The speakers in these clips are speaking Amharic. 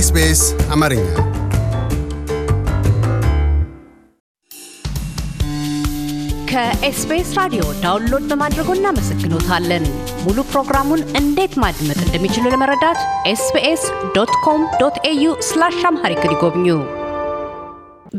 ኤስቢኤስ አማርኛ ከኤስቢኤስ ራዲዮ ዳውንሎድ በማድረጎ እናመሰግኖታለን። ሙሉ ፕሮግራሙን እንዴት ማድመጥ እንደሚችሉ ለመረዳት ኤስቢኤስ ዶት ኮም ዶት ኤዩ ስላሽ አምሃሪክ ይጎብኙ።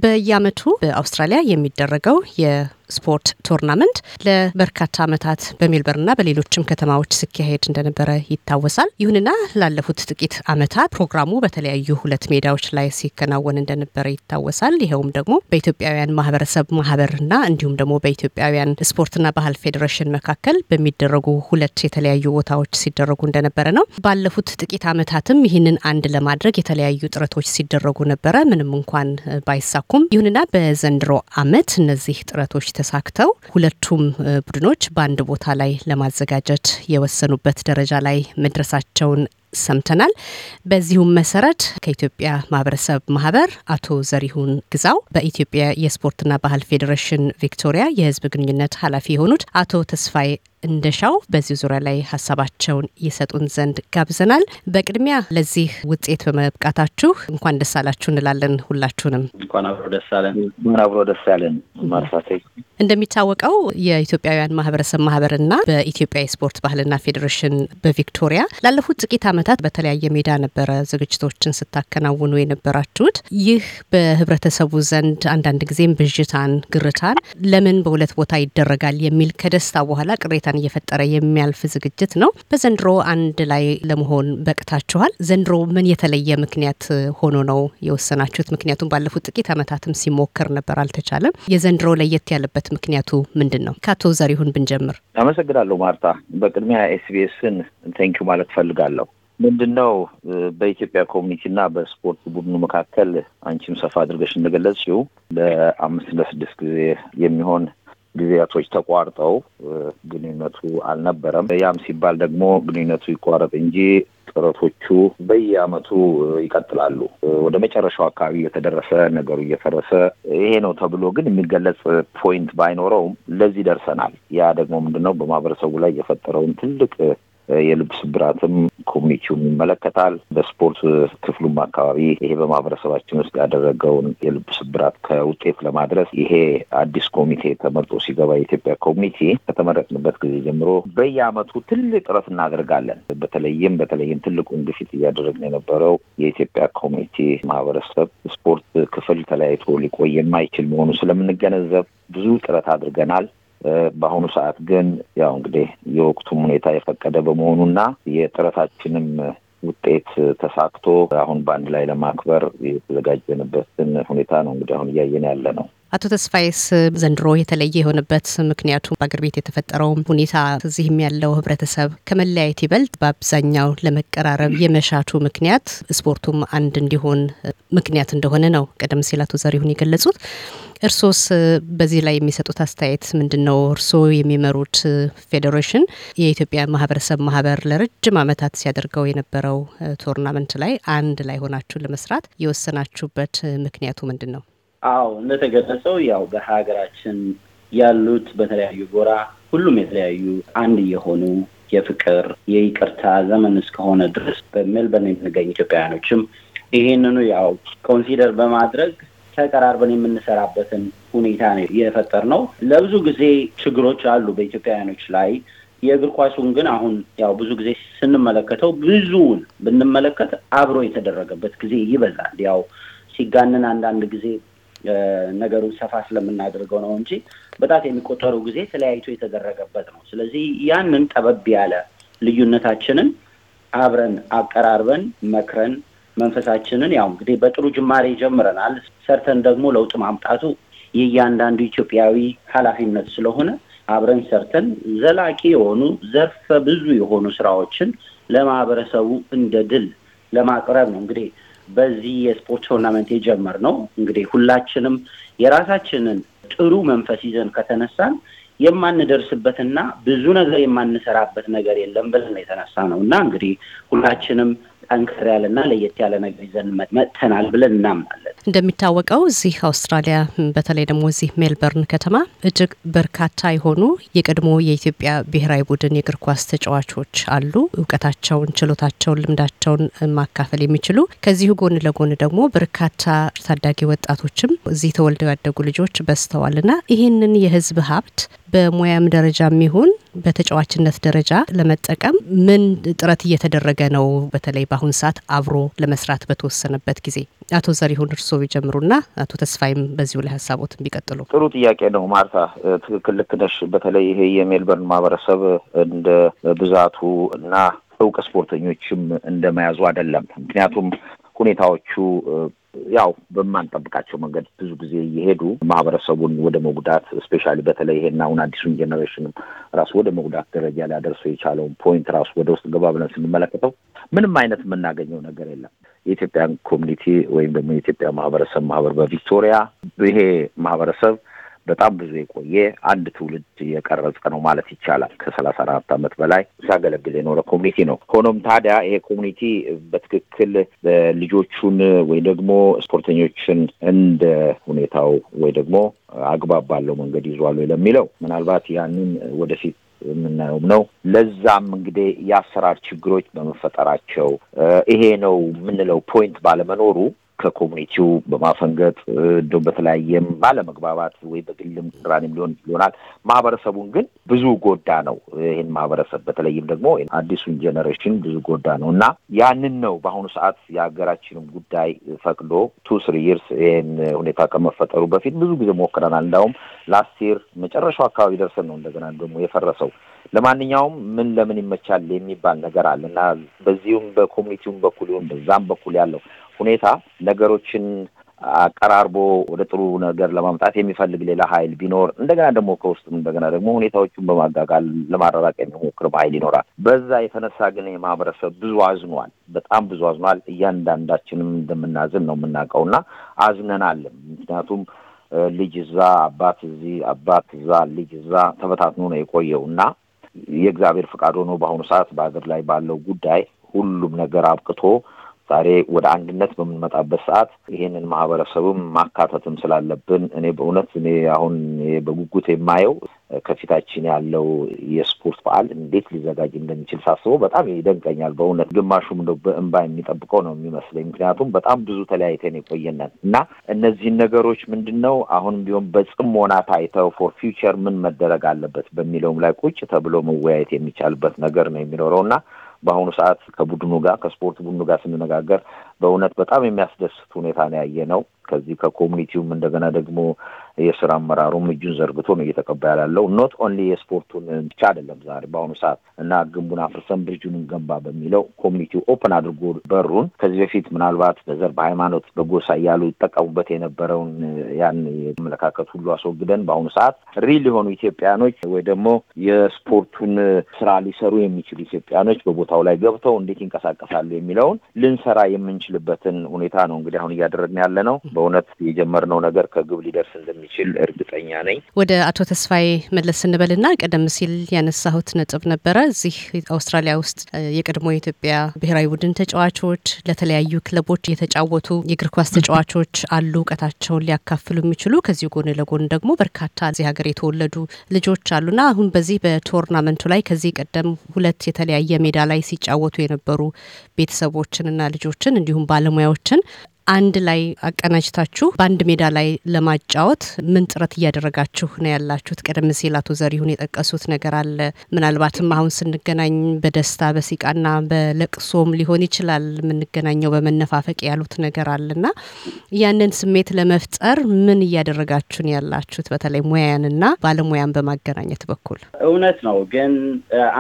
በአውስትራሊያ የሚደረገው የ ስፖርት ቶርናመንት ለበርካታ ዓመታት በሜልበርንና በሌሎችም ከተማዎች ሲካሄድ እንደነበረ ይታወሳል። ይሁንና ላለፉት ጥቂት ዓመታት ፕሮግራሙ በተለያዩ ሁለት ሜዳዎች ላይ ሲከናወን እንደነበረ ይታወሳል። ይኸውም ደግሞ በኢትዮጵያውያን ማህበረሰብ ማህበርና እንዲሁም ደግሞ በኢትዮጵያውያን ስፖርትና ባህል ፌዴሬሽን መካከል በሚደረጉ ሁለት የተለያዩ ቦታዎች ሲደረጉ እንደነበረ ነው። ባለፉት ጥቂት ዓመታትም ይህንን አንድ ለማድረግ የተለያዩ ጥረቶች ሲደረጉ ነበረ፣ ምንም እንኳን ባይሳኩም። ይሁንና በዘንድሮ ዓመት እነዚህ ጥረቶች ተሳክተው ሁለቱም ቡድኖች በአንድ ቦታ ላይ ለማዘጋጀት የወሰኑበት ደረጃ ላይ መድረሳቸውን ሰምተናል። በዚሁም መሰረት ከኢትዮጵያ ማህበረሰብ ማህበር አቶ ዘሪሁን ግዛው፣ በኢትዮጵያ የስፖርትና ባህል ፌዴሬሽን ቪክቶሪያ የህዝብ ግንኙነት ኃላፊ የሆኑት አቶ ተስፋዬ እንደሻው በዚህ ዙሪያ ላይ ሀሳባቸውን ይሰጡን ዘንድ ጋብዘናል። በቅድሚያ ለዚህ ውጤት በመብቃታችሁ እንኳን ደስ አላችሁ እንላለን። ሁላችሁንም እንኳን አብሮ ደስ አለን። አብሮ ደስ አለን። ማርሳቴ እንደሚታወቀው የኢትዮጵያውያን ማህበረሰብ ማህበርና በኢትዮጵያ የስፖርት ባህልና ፌዴሬሽን በቪክቶሪያ ላለፉት ጥቂት ዓመታት በተለያየ ሜዳ ነበረ ዝግጅቶችን ስታከናውኑ የነበራችሁት። ይህ በህብረተሰቡ ዘንድ አንዳንድ ጊዜም ብዥታን፣ ግርታን ለምን በሁለት ቦታ ይደረጋል የሚል ከደስታ በኋላ ቅሬታ ደስታን እየፈጠረ የሚያልፍ ዝግጅት ነው። በዘንድሮ አንድ ላይ ለመሆን በቅታችኋል። ዘንድሮ ምን የተለየ ምክንያት ሆኖ ነው የወሰናችሁት? ምክንያቱም ባለፉት ጥቂት ዓመታትም ሲሞከር ነበር፣ አልተቻለም። የዘንድሮ ለየት ያለበት ምክንያቱ ምንድን ነው? ከአቶ ዘሪሁን ብንጀምር። አመሰግናለሁ ማርታ። በቅድሚያ ኤስቢኤስን ቴንኪው ማለት ፈልጋለሁ። ምንድን ነው በኢትዮጵያ ኮሚኒቲ እና በስፖርት ቡድኑ መካከል አንቺም ሰፋ አድርገሽ እንደገለጽሽው ለአምስት ለስድስት ጊዜ የሚሆን ጊዜያቶች ተቋርጠው ግንኙነቱ አልነበረም። ያም ሲባል ደግሞ ግንኙነቱ ይቋረጥ እንጂ ጥረቶቹ በየዓመቱ ይቀጥላሉ። ወደ መጨረሻው አካባቢ እየተደረሰ ነገሩ እየፈረሰ ይሄ ነው ተብሎ ግን የሚገለጽ ፖይንት ባይኖረውም ለዚህ ደርሰናል። ያ ደግሞ ምንድነው በማህበረሰቡ ላይ የፈጠረውን ትልቅ የልብ ስብራትም ኮሚኒቲውም ይመለከታል። በስፖርት ክፍሉም አካባቢ ይሄ በማህበረሰባችን ውስጥ ያደረገውን የልብ ስብራት ከውጤት ለማድረስ ይሄ አዲስ ኮሚቴ ተመርጦ ሲገባ የኢትዮጵያ ኮሚኒቲ ከተመረጥንበት ጊዜ ጀምሮ በየአመቱ ትልቅ ጥረት እናደርጋለን። በተለይም በተለይም ትልቁን ግፊት እያደረግን የነበረው የኢትዮጵያ ኮሚኒቲ ማህበረሰብ ስፖርት ክፍል ተለያይቶ ሊቆይ የማይችል መሆኑ ስለምንገነዘብ ብዙ ጥረት አድርገናል። በአሁኑ ሰዓት ግን ያው እንግዲህ የወቅቱም ሁኔታ የፈቀደ በመሆኑና የጥረታችንም ውጤት ተሳክቶ አሁን በአንድ ላይ ለማክበር የተዘጋጀንበትን ሁኔታ ነው እንግዲህ አሁን እያየን ያለ ነው። አቶ ተስፋዬስ ዘንድሮ የተለየ የሆነበት ምክንያቱ በአገር ቤት የተፈጠረው ሁኔታ እዚህም ያለው ህብረተሰብ ከመለያየት ይበልጥ በአብዛኛው ለመቀራረብ የመሻቱ ምክንያት ስፖርቱም አንድ እንዲሆን ምክንያት እንደሆነ ነው ቀደም ሲል አቶ ዘሪሁን የገለጹት። እርሶስ በዚህ ላይ የሚሰጡት አስተያየት ምንድን ነው? እርስዎ የሚመሩት ፌዴሬሽን የኢትዮጵያ ማህበረሰብ ማህበር ለረጅም ዓመታት ሲያደርገው የነበረው ቶርናመንት ላይ አንድ ላይ ሆናችሁ ለመስራት የወሰናችሁበት ምክንያቱ ምንድን ነው? አዎ እንደተገለጸው ያው በሀገራችን ያሉት በተለያዩ ጎራ ሁሉም የተለያዩ አንድ የሆኑ የፍቅር የይቅርታ ዘመን እስከሆነ ድረስ በሜልበርን የምንገኝ ኢትዮጵያውያኖችም ይህንኑ ያው ኮንሲደር በማድረግ ተቀራርበን የምንሰራበትን ሁኔታ ነው የፈጠር ነው። ለብዙ ጊዜ ችግሮች አሉ በኢትዮጵያውያኖች ላይ። የእግር ኳሱን ግን አሁን ያው ብዙ ጊዜ ስንመለከተው ብዙውን ብንመለከት አብሮ የተደረገበት ጊዜ ይበዛል። ያው ሲጋንን አንዳንድ ጊዜ ነገሩን ሰፋ ስለምናደርገው ነው እንጂ በጣት የሚቆጠሩ ጊዜ ተለያይቶ የተደረገበት ነው። ስለዚህ ያንን ጠበብ ያለ ልዩነታችንን አብረን አቀራርበን መክረን መንፈሳችንን ያው እንግዲህ በጥሩ ጅማሬ ጀምረናል። ሰርተን ደግሞ ለውጥ ማምጣቱ የእያንዳንዱ ኢትዮጵያዊ ኃላፊነት ስለሆነ አብረን ሰርተን ዘላቂ የሆኑ ዘርፈ ብዙ የሆኑ ስራዎችን ለማህበረሰቡ እንደ ድል ለማቅረብ ነው እንግዲህ በዚህ የስፖርት ቶርናመንት የጀመርነው። እንግዲህ ሁላችንም የራሳችንን ጥሩ መንፈስ ይዘን ከተነሳን የማንደርስበትና ብዙ ነገር የማንሰራበት ነገር የለም ብለን የተነሳ ነው እና እንግዲህ ሁላችንም ጠንከር ያለና ለየት ያለ ነገር ይዘን መጥተናል ብለን እናምናለን። እንደሚታወቀው እዚህ አውስትራሊያ በተለይ ደግሞ እዚህ ሜልበርን ከተማ እጅግ በርካታ የሆኑ የቀድሞ የኢትዮጵያ ብሔራዊ ቡድን የእግር ኳስ ተጫዋቾች አሉ። እውቀታቸውን፣ ችሎታቸውን፣ ልምዳቸውን ማካፈል የሚችሉ ከዚሁ ጎን ለጎን ደግሞ በርካታ ታዳጊ ወጣቶችም እዚህ ተወልደው ያደጉ ልጆች በዝተዋልና ይህንን የህዝብ ሀብት በሙያም ደረጃም ይሁን በተጫዋችነት ደረጃ ለመጠቀም ምን ጥረት እየተደረገ ነው? በተለይ በአሁን ሰዓት አብሮ ለመስራት በተወሰነበት ጊዜ አቶ ዘሪሁን እርስዎ ቢጀምሩና አቶ ተስፋይም በዚሁ ላይ ሀሳቦትን ቢቀጥሉ። ጥሩ ጥያቄ ነው ማርታ፣ ትክክል ልክ ነሽ። በተለይ ይሄ የሜልበርን ማህበረሰብ እንደ ብዛቱ እና እውቅ ስፖርተኞችም እንደመያዙ አይደለም። ምክንያቱም ሁኔታዎቹ ያው በማንጠብቃቸው መንገድ ብዙ ጊዜ እየሄዱ ማህበረሰቡን ወደ መጉዳት ስፔሻሊ በተለይ ይሄን አሁን አዲሱን ጀኔሬሽንም ራሱ ወደ መጉዳት ደረጃ ሊያደርሰው የቻለውን ፖይንት ራሱ ወደ ውስጥ ገባ ብለን ስንመለከተው ምንም አይነት የምናገኘው ነገር የለም። የኢትዮጵያን ኮሚኒቲ ወይም ደግሞ የኢትዮጵያ ማህበረሰብ ማህበር በቪክቶሪያ ይሄ ማህበረሰብ በጣም ብዙ የቆየ አንድ ትውልድ የቀረጸ ነው ማለት ይቻላል። ከሰላሳ አራት ዓመት በላይ ሲያገለግል የኖረ ኮሚኒቲ ነው። ሆኖም ታዲያ ይሄ ኮሚኒቲ በትክክል ልጆቹን ወይ ደግሞ ስፖርተኞችን እንደ ሁኔታው ወይ ደግሞ አግባብ ባለው መንገድ ይዟሉ ለሚለው ምናልባት ያንን ወደፊት የምናየውም ነው። ለዛም እንግዲህ የአሰራር ችግሮች በመፈጠራቸው ይሄ ነው የምንለው ፖይንት ባለመኖሩ ከኮሚኒቲው በማፈንገጥ እንደው በተለያየም ባለመግባባት ወይ በግልም ቅራኔም ሊሆን ይሆናል። ማህበረሰቡን ግን ብዙ ጎዳ ነው። ይህን ማህበረሰብ በተለይም ደግሞ አዲሱን ጄኔሬሽን ብዙ ጎዳ ነው እና ያንን ነው በአሁኑ ሰዓት የሀገራችንም ጉዳይ ፈቅዶ ቱ ስሪ ይርስ ይህን ሁኔታ ከመፈጠሩ በፊት ብዙ ጊዜ ሞክረናል። እንዳውም ላስት ይር መጨረሻው አካባቢ ደርሰን ነው እንደገና ደግሞ የፈረሰው። ለማንኛውም ምን ለምን ይመቻል የሚባል ነገር አለ እና በዚሁም በኮሚኒቲውም በኩል ይሁን በዛም በኩል ያለው ሁኔታ ነገሮችን አቀራርቦ ወደ ጥሩ ነገር ለማምጣት የሚፈልግ ሌላ ኃይል ቢኖር እንደገና ደግሞ ከውስጥም እንደገና ደግሞ ሁኔታዎቹን በማጋጋል ለማራራቅ የሚሞክርም ኃይል ይኖራል። በዛ የተነሳ ግን የማህበረሰብ ብዙ አዝኗል፣ በጣም ብዙ አዝኗል። እያንዳንዳችንም እንደምናዝን ነው የምናውቀው እና አዝነናልም። ምክንያቱም ልጅ እዛ አባት እዚህ አባት እዛ ልጅ እዛ ተበታትኖ ነው የቆየው እና የእግዚአብሔር ፈቃድ ሆኖ በአሁኑ ሰዓት በሀገር ላይ ባለው ጉዳይ ሁሉም ነገር አብቅቶ ዛሬ ወደ አንድነት በምንመጣበት ሰዓት ይሄንን ማህበረሰቡም ማካተትም ስላለብን እኔ በእውነት እኔ አሁን በጉጉት የማየው ከፊታችን ያለው የስፖርት በዓል እንዴት ሊዘጋጅ እንደሚችል ሳስበው በጣም ይደንቀኛል። በእውነት ግማሹም እንደ በእንባ የሚጠብቀው ነው የሚመስለኝ። ምክንያቱም በጣም ብዙ ተለያይተን የቆየነን እና እነዚህን ነገሮች ምንድን ነው አሁንም ቢሆን በጽሞና ታይተው ፎር ፊውቸር ምን መደረግ አለበት በሚለውም ላይ ቁጭ ተብሎ መወያየት የሚቻልበት ነገር ነው የሚኖረው እና በአሁኑ ሰዓት ከቡድኑ ጋር ከስፖርት ቡድኑ ጋር ስንነጋገር በእውነት በጣም የሚያስደስት ሁኔታ ነው ያየ ነው። ከዚህ ከኮሚኒቲውም እንደገና ደግሞ የስራ አመራሩም እጁን ዘርግቶ ነው እየተቀባ ያላለው። ኖት ኦንሊ የስፖርቱን ብቻ አይደለም ዛሬ በአሁኑ ሰዓት እና ግንቡን አፍርሰን ብርጁን እንገንባ በሚለው ኮሚኒቲው ኦፕን አድርጎ በሩን ከዚህ በፊት ምናልባት በዘር በሃይማኖት፣ በጎሳ እያሉ ይጠቀሙበት የነበረውን ያን የአመለካከት ሁሉ አስወግደን በአሁኑ ሰዓት ሪል የሆኑ ኢትዮጵያኖች ወይ ደግሞ የስፖርቱን ስራ ሊሰሩ የሚችሉ ኢትዮጵያኖች በቦታው ላይ ገብተው እንዴት ይንቀሳቀሳሉ የሚለውን ልንሰራ የምንችልበትን ሁኔታ ነው እንግዲህ አሁን እያደረግን ያለ ነው። በእውነት የጀመርነው ነገር ከግብ ሊደርስ እንደሚ እንደሚችል እርግጠኛ ነኝ። ወደ አቶ ተስፋዬ መለስ ስንበልና ቀደም ሲል ያነሳሁት ነጥብ ነበረ። እዚህ አውስትራሊያ ውስጥ የቀድሞ የኢትዮጵያ ብሔራዊ ቡድን ተጫዋቾች፣ ለተለያዩ ክለቦች የተጫወቱ የእግር ኳስ ተጫዋቾች አሉ፣ እውቀታቸውን ሊያካፍሉ የሚችሉ ከዚሁ ጎን ለጎን ደግሞ በርካታ እዚህ ሀገር የተወለዱ ልጆች አሉና አሁን በዚህ በቶርናመንቱ ላይ ከዚህ ቀደም ሁለት የተለያየ ሜዳ ላይ ሲጫወቱ የነበሩ ቤተሰቦችንና ልጆችን እንዲሁም ባለሙያዎችን አንድ ላይ አቀናጅታችሁ በአንድ ሜዳ ላይ ለማጫወት ምን ጥረት እያደረጋችሁ ነው ያላችሁት? ቀደም ሲል አቶ ዘሪሁን የጠቀሱት ነገር አለ። ምናልባትም አሁን ስንገናኝ በደስታ በሲቃና በለቅሶም ሊሆን ይችላል የምንገናኘው በመነፋፈቅ ያሉት ነገር አለና ያንን ስሜት ለመፍጠር ምን እያደረጋችሁ ነው ያላችሁት? በተለይ ሙያንና ባለሙያን በማገናኘት በኩል እውነት ነው። ግን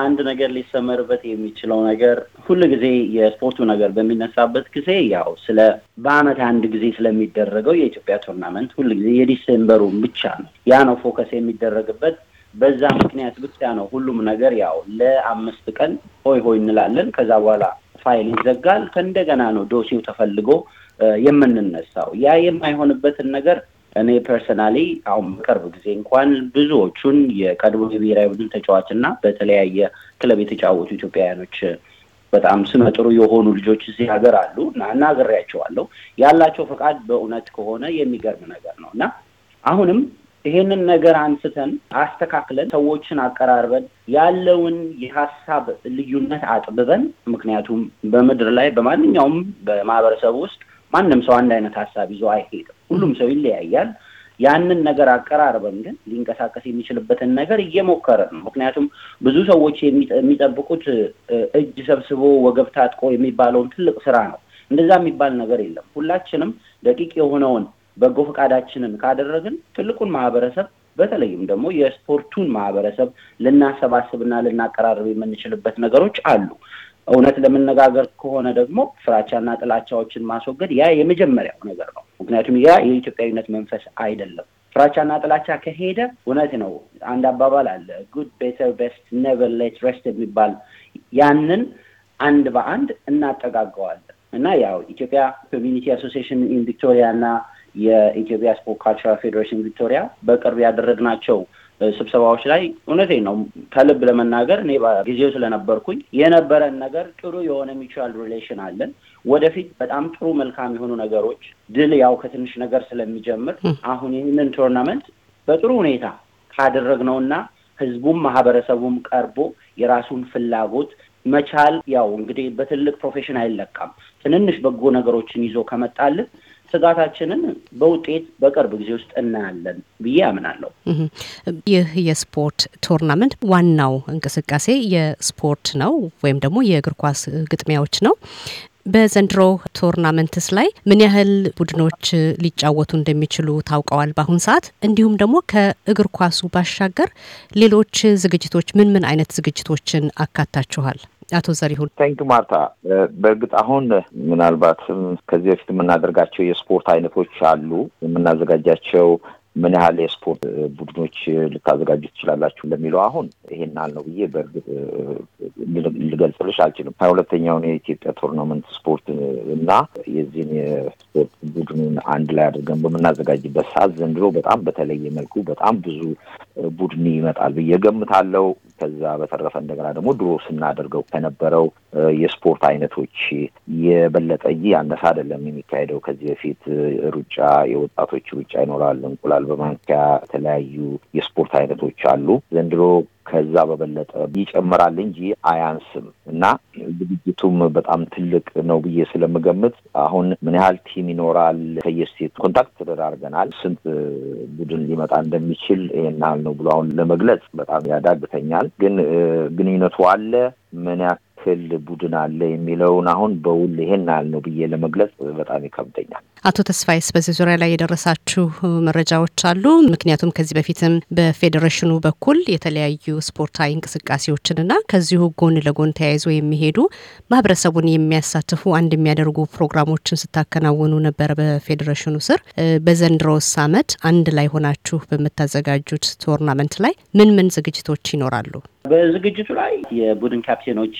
አንድ ነገር ሊሰመርበት የሚችለው ነገር ሁሉ ጊዜ የስፖርቱ ነገር በሚነሳበት ጊዜ ያው ስለ በአመት አንድ ጊዜ ስለሚደረገው የኢትዮጵያ ቱርናመንት ሁሉ ጊዜ የዲሴምበሩ ብቻ ነው ያ ነው ፎከስ የሚደረግበት። በዛ ምክንያት ብቻ ነው ሁሉም ነገር ያው ለአምስት ቀን ሆይ ሆይ እንላለን። ከዛ በኋላ ፋይል ይዘጋል። ከእንደገና ነው ዶሲው ተፈልጎ የምንነሳው። ያ የማይሆንበትን ነገር እኔ ፐርሰናሊ አሁን በቅርብ ጊዜ እንኳን ብዙዎቹን የቀድሞ የብሔራዊ ቡድን ተጫዋች እና በተለያየ ክለብ የተጫወቱ ኢትዮጵያውያኖች በጣም ስመ ጥሩ የሆኑ ልጆች እዚህ ሀገር አሉ እና እናገሬያቸዋለሁ። ያላቸው ፈቃድ በእውነት ከሆነ የሚገርም ነገር ነው እና አሁንም ይሄንን ነገር አንስተን አስተካክለን ሰዎችን አቀራርበን ያለውን የሀሳብ ልዩነት አጥብበን፣ ምክንያቱም በምድር ላይ በማንኛውም በማህበረሰብ ውስጥ ማንም ሰው አንድ አይነት ሀሳብ ይዞ አይሄድም። ሁሉም ሰው ይለያያል። ያንን ነገር አቀራርበን ግን ሊንቀሳቀስ የሚችልበትን ነገር እየሞከረ ነው። ምክንያቱም ብዙ ሰዎች የሚጠብቁት እጅ ሰብስቦ ወገብ ታጥቆ የሚባለውን ትልቅ ስራ ነው። እንደዛ የሚባል ነገር የለም። ሁላችንም ደቂቅ የሆነውን በጎ ፈቃዳችንን ካደረግን ትልቁን ማህበረሰብ በተለይም ደግሞ የስፖርቱን ማህበረሰብ ልናሰባስብና ልናቀራርብ የምንችልበት ነገሮች አሉ። እውነት ለመነጋገር ከሆነ ደግሞ ፍራቻና ጥላቻዎችን ማስወገድ ያ የመጀመሪያው ነገር ነው። ምክንያቱም ያ የኢትዮጵያዊነት መንፈስ አይደለም። ፍራቻና ጥላቻ ከሄደ እውነት ነው። አንድ አባባል አለ፣ ጉድ ቤተር ቤስት ኔቨር ሌት ረስት የሚባል ያንን አንድ በአንድ እናጠጋገዋለን እና ያው ኢትዮጵያ ኮሚኒቲ አሶሲሽን ኢን ቪክቶሪያ እና የኢትዮጵያ ስፖርት ካልቸራል ፌዴሬሽን ቪክቶሪያ በቅርብ ያደረግናቸው ስብሰባዎች ላይ እውነቴ ነው ከልብ ለመናገር እኔ ጊዜው ስለነበርኩኝ የነበረን ነገር ጥሩ የሆነ ሚቹዋል ሪሌሽን አለን። ወደፊት በጣም ጥሩ መልካም የሆኑ ነገሮች ድል ያው ከትንሽ ነገር ስለሚጀምር አሁን ይህንን ቶርናመንት በጥሩ ሁኔታ ካደረግነውና ህዝቡም ማህበረሰቡም ቀርቦ የራሱን ፍላጎት መቻል ያው እንግዲህ በትልቅ ፕሮፌሽን አይለካም። ትንንሽ በጎ ነገሮችን ይዞ ከመጣልን ስጋታችንን በውጤት በቅርብ ጊዜ ውስጥ እናያለን ብዬ አምናለሁ። ይህ የስፖርት ቶርናመንት ዋናው እንቅስቃሴ የስፖርት ነው ወይም ደግሞ የእግር ኳስ ግጥሚያዎች ነው። በዘንድሮ ቶርናመንትስ ላይ ምን ያህል ቡድኖች ሊጫወቱ እንደሚችሉ ታውቀዋል በአሁን ሰዓት? እንዲሁም ደግሞ ከእግር ኳሱ ባሻገር ሌሎች ዝግጅቶች ምን ምን አይነት ዝግጅቶችን አካታችኋል? አቶ ዘሪሁን ታንኪ ማርታ። በእርግጥ አሁን ምናልባትም ከዚህ በፊት የምናደርጋቸው የስፖርት አይነቶች አሉ የምናዘጋጃቸው ምን ያህል የስፖርት ቡድኖች ልታዘጋጁ ትችላላችሁ ለሚለው አሁን ይሄን ያህል ነው ብዬ በእርግጥ ልገልጽልሽ አልችልም። ሀያ ሁለተኛውን የኢትዮጵያ ቶርናመንት ስፖርት እና የዚህን የስፖርት ቡድኑን አንድ ላይ አድርገን በምናዘጋጅበት ሰዓት ዘንድሮ በጣም በተለየ መልኩ በጣም ብዙ ቡድን ይመጣል ብዬ ገምታለው። ከዛ በተረፈ እንደገና ደግሞ ድሮ ስናደርገው ከነበረው የስፖርት አይነቶች የበለጠ እንጂ ያነሳ አይደለም የሚካሄደው። ከዚህ በፊት ሩጫ፣ የወጣቶች ሩጫ ይኖራል፣ እንቁላል በማንኪያ የተለያዩ የስፖርት አይነቶች አሉ። ዘንድሮ ከዛ በበለጠ ይጨምራል እንጂ አያንስም እና ዝግጅቱም በጣም ትልቅ ነው ብዬ ስለምገምት አሁን ምን ያህል ቲም ይኖራል ከየስቴቱ ኮንታክት ተደራርገናል። ስንት ቡድን ሊመጣ እንደሚችል ይሄን ያህል ነው ብሎ አሁን ለመግለጽ በጣም ያዳግተኛል። ግን ግንኙነቱ አለ ምን ያህል የሚወክል ቡድን አለ የሚለውን አሁን በውል ይሄን ያህል ነው ብዬ ለመግለጽ በጣም ይከብደኛል። አቶ ተስፋይስ በዚህ ዙሪያ ላይ የደረሳችሁ መረጃዎች አሉ? ምክንያቱም ከዚህ በፊትም በፌዴሬሽኑ በኩል የተለያዩ ስፖርታዊ እንቅስቃሴዎችንና ከዚሁ ጎን ለጎን ተያይዞ የሚሄዱ ማህበረሰቡን የሚያሳትፉ አንድ የሚያደርጉ ፕሮግራሞችን ስታከናውኑ ነበር በፌዴሬሽኑ ስር። በዘንድሮስ አመት አንድ ላይ ሆናችሁ በምታዘጋጁት ቶርናመንት ላይ ምን ምን ዝግጅቶች ይኖራሉ? በዝግጅቱ ላይ የቡድን ካፕቴኖች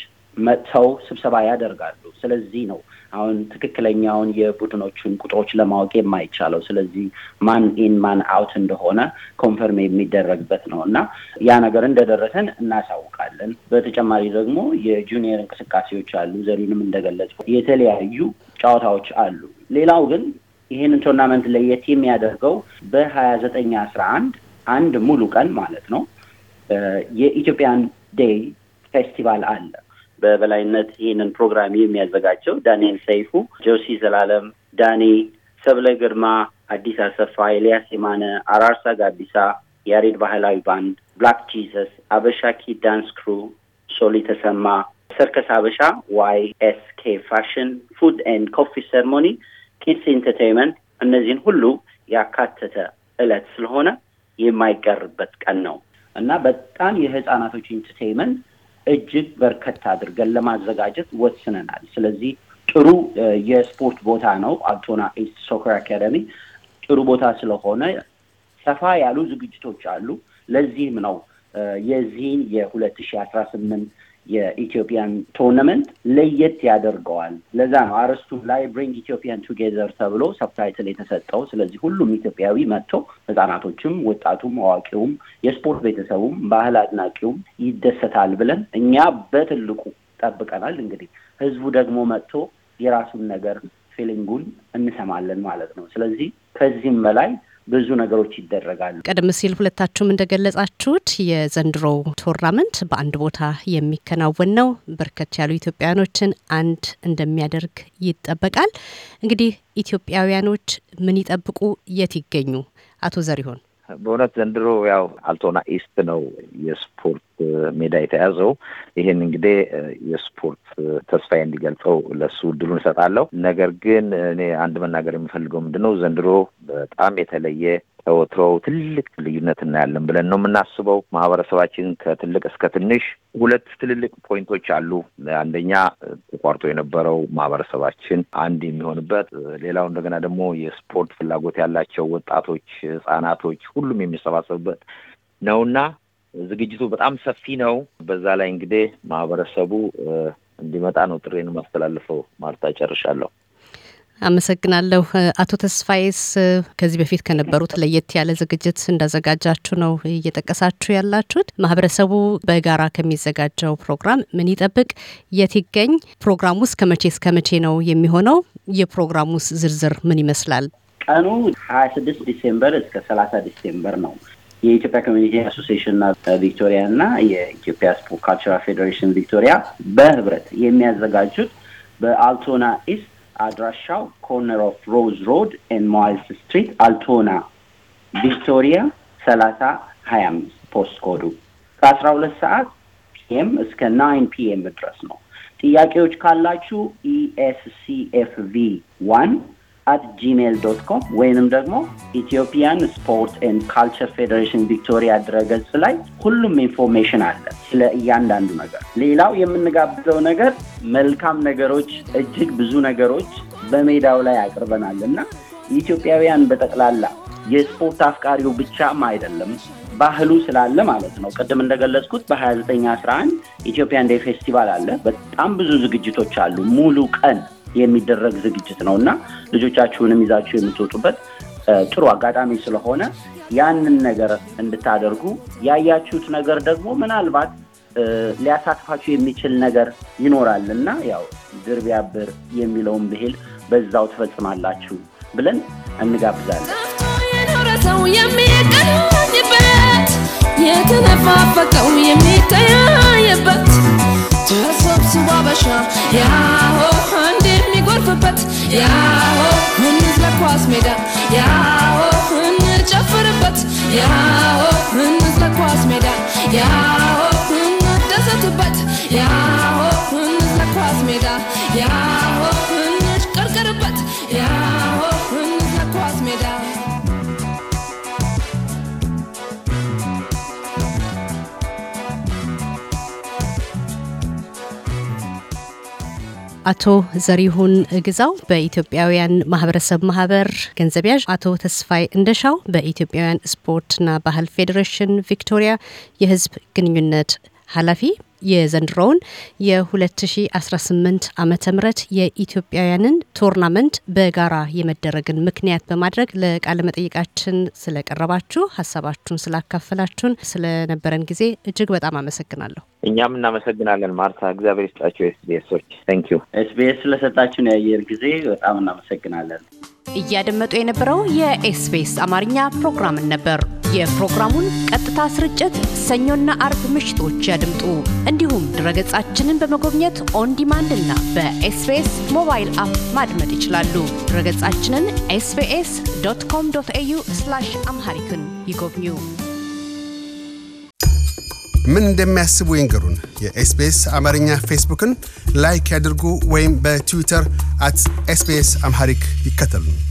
መጥተው ስብሰባ ያደርጋሉ። ስለዚህ ነው አሁን ትክክለኛውን የቡድኖቹን ቁጥሮች ለማወቅ የማይቻለው። ስለዚህ ማን ኢን ማን አውት እንደሆነ ኮንፈርም የሚደረግበት ነው እና ያ ነገር እንደደረሰን እናሳውቃለን። በተጨማሪ ደግሞ የጁኒየር እንቅስቃሴዎች አሉ። ዘሪንም እንደገለጽ የተለያዩ ጨዋታዎች አሉ። ሌላው ግን ይህንን ቶርናመንት ለየት የሚያደርገው በሀያ ዘጠኝ አስራ አንድ አንድ ሙሉ ቀን ማለት ነው የኢትዮጵያን ዴይ ፌስቲቫል አለ በበላይነት ይህንን ፕሮግራም የሚያዘጋጀው ዳንኤል ሰይፉ፣ ጆሲ ዘላለም፣ ዳኔ ሰብለ ግርማ፣ አዲስ አሰፋ፣ ኤልያስ የማነ፣ አራርሳ ጋቢሳ፣ ያሬድ ባህላዊ ባንድ፣ ብላክ ጂዘስ፣ አበሻ ኪድ ዳንስ ክሩ፣ ሶሊ ተሰማ፣ ሰርከስ አበሻ፣ ዋይ ኤስ ኬ ፋሽን፣ ፉድ ኤንድ ኮፊ ሰርሞኒ፣ ኪድስ ኢንተርቴንመንት እነዚህን ሁሉ ያካተተ እለት ስለሆነ የማይቀርበት ቀን ነው እና በጣም የህፃናቶች ኢንተርቴንመንት እጅግ በርከት አድርገን ለማዘጋጀት ወስነናል። ስለዚህ ጥሩ የስፖርት ቦታ ነው። አልቶና ኢስት ሶከር አካደሚ ጥሩ ቦታ ስለሆነ ሰፋ ያሉ ዝግጅቶች አሉ። ለዚህም ነው የዚህን የሁለት ሺ አስራ ስምንት የኢትዮጵያን ቶርናመንት ለየት ያደርገዋል። ለዛ ነው አርዕስቱ ላይ ብሪንግ ኢትዮጵያን ቱጌዘር ተብሎ ሰብታይትል የተሰጠው። ስለዚህ ሁሉም ኢትዮጵያዊ መጥቶ ህጻናቶችም፣ ወጣቱም፣ አዋቂውም፣ የስፖርት ቤተሰቡም፣ ባህል አድናቂውም ይደሰታል ብለን እኛ በትልቁ ጠብቀናል። እንግዲህ ህዝቡ ደግሞ መጥቶ የራሱን ነገር ፊሊንጉን እንሰማለን ማለት ነው። ስለዚህ ከዚህም በላይ ብዙ ነገሮች ይደረጋሉ። ቀደም ሲል ሁለታችሁም እንደገለጻችሁት የዘንድሮ ቶርናመንት በአንድ ቦታ የሚከናወን ነው። በርከት ያሉ ኢትዮጵያውያኖችን አንድ እንደሚያደርግ ይጠበቃል። እንግዲህ ኢትዮጵያውያኖች ምን ይጠብቁ? የት ይገኙ? አቶ ዘሪሆን በእውነት ዘንድሮ ያው አልቶና ኢስት ነው የስፖርት ሜዳ የተያዘው። ይህን እንግዲህ የስፖርት ተስፋዬ እንዲገልጸው ለሱ እድሉን እሰጣለሁ። ነገር ግን እኔ አንድ መናገር የምፈልገው ምንድን ነው ዘንድሮ በጣም የተለየ ከወትሮው ትልቅ ልዩነት እናያለን ብለን ነው የምናስበው። ማህበረሰባችን ከትልቅ እስከ ትንሽ ሁለት ትልልቅ ፖይንቶች አሉ። አንደኛ ተቋርጦ የነበረው ማህበረሰባችን አንድ የሚሆንበት፣ ሌላው እንደገና ደግሞ የስፖርት ፍላጎት ያላቸው ወጣቶች፣ ህጻናቶች ሁሉም የሚሰባሰቡበት ነውና ዝግጅቱ በጣም ሰፊ ነው። በዛ ላይ እንግዲህ ማህበረሰቡ እንዲመጣ ነው ጥሬን ማስተላልፈው። ማርታ ጨርሻለሁ። አመሰግናለሁ። አቶ ተስፋዬስ ከዚህ በፊት ከነበሩት ለየት ያለ ዝግጅት እንዳዘጋጃችሁ ነው እየጠቀሳችሁ ያላችሁት። ማህበረሰቡ በጋራ ከሚዘጋጀው ፕሮግራም ምን ይጠብቅ? የት ይገኝ? ፕሮግራሙ እስከ መቼ እስከ መቼ ነው የሚሆነው? የፕሮግራሙ ዝርዝር ምን ይመስላል? ቀኑ ሀያ ስድስት ዲሴምበር እስከ ሰላሳ ዲሴምበር ነው። የኢትዮጵያ ኮሚኒቲ ና ቪክቶሪያ እና የኢትዮጵያ ስፖርት ካልቸራል ፌዴሬሽን ቪክቶሪያ በህብረት የሚያዘጋጁት በአልቶና ኢስት አድራሻው ኮርነር ኦፍ ሮዝ ሮድ ኤን ማይልስ ስትሪት አልቶና ቪክቶሪያ ሰላሳ ሀያ አምስት ፖስት ኮዱ ከአስራ ሁለት ሰዓት ፒኤም እስከ ናይን ፒኤም ድረስ ነው። ጥያቄዎች ካላችሁ ኢኤስሲኤፍቪ e ዋን አት ጂሜል ዶት ኮም ወይንም ደግሞ ኢትዮጵያን ስፖርት ኤንድ ካልቸር ፌዴሬሽን ቪክቶሪያ ድረገጽ ላይ ሁሉም ኢንፎርሜሽን አለ ስለ እያንዳንዱ ነገር። ሌላው የምንጋብዘው ነገር መልካም ነገሮች፣ እጅግ ብዙ ነገሮች በሜዳው ላይ አቅርበናል እና ኢትዮጵያውያን በጠቅላላ የስፖርት አፍቃሪው ብቻም አይደለም ባህሉ ስላለ ማለት ነው። ቅድም እንደገለጽኩት በ29 11 ኢትዮጵያን ዴይ ፌስቲቫል አለ። በጣም ብዙ ዝግጅቶች አሉ ሙሉ ቀን የሚደረግ ዝግጅት ነው እና ልጆቻችሁንም ይዛችሁ የምትወጡበት ጥሩ አጋጣሚ ስለሆነ ያንን ነገር እንድታደርጉ ያያችሁት ነገር ደግሞ ምናልባት ሊያሳትፋችሁ የሚችል ነገር ይኖራል እና ያው ድር ቢያብር የሚለውን ብሄል በዛው ትፈጽማላችሁ ብለን እንጋብዛለን። ሰው የሚቀናኝበት የተነፋፈቀው እንሳተፍበት ያሆ እንዝላ ኳስ ሜዳ ያሆ እንጨፍርበት ያሆ እንዝላ ኳስ ሜዳ ያሆ እንደሰትበት ያሆ እንዝላ ኳስ ሜዳ ያሆ እንሽቀርቅርበት ያሆ እንዝላ ኳስ ሜዳ አቶ ዘሪሁን ግዛው በኢትዮጵያውያን ማህበረሰብ ማህበር ገንዘብ ያዥ፣ አቶ ተስፋይ እንደሻው በኢትዮጵያውያን ስፖርትና ባህል ፌዴሬሽን ቪክቶሪያ የህዝብ ግንኙነት ኃላፊ የዘንድሮውን የ2018 ዓ ም የኢትዮጵያውያንን ቶርናመንት በጋራ የመደረግን ምክንያት በማድረግ ለቃለ መጠይቃችን ስለቀረባችሁ፣ ሀሳባችሁን ስላካፈላችሁን፣ ስለነበረን ጊዜ እጅግ በጣም አመሰግናለሁ። እኛም እናመሰግናለን ማርታ፣ እግዚአብሔር ይስጣችሁ። ኤስቢኤሶች ታንክ ኤስቢኤስ ስለሰጣችሁን የአየር ጊዜ በጣም እናመሰግናለን። እያደመጡ የነበረው የኤስቢኤስ አማርኛ ፕሮግራምን ነበር። የፕሮግራሙን ቀጥታ ስርጭት ሰኞና አርብ ምሽቶች ያድምጡ። እንዲሁም ድረገጻችንን በመጎብኘት ኦን ዲማንድ እና በኤስቤስ ሞባይል አፕ ማድመጥ ይችላሉ። ድረገጻችንን ኤስቤስ ዶት ኮም ዶት ኤዩ አምሃሪክን ይጎብኙ። ምን እንደሚያስቡ ይንገሩን። የኤስቤስ አማርኛ ፌስቡክን ላይክ ያድርጉ ወይም በትዊተር አት ኤስቤስ አምሃሪክ ይከተሉን።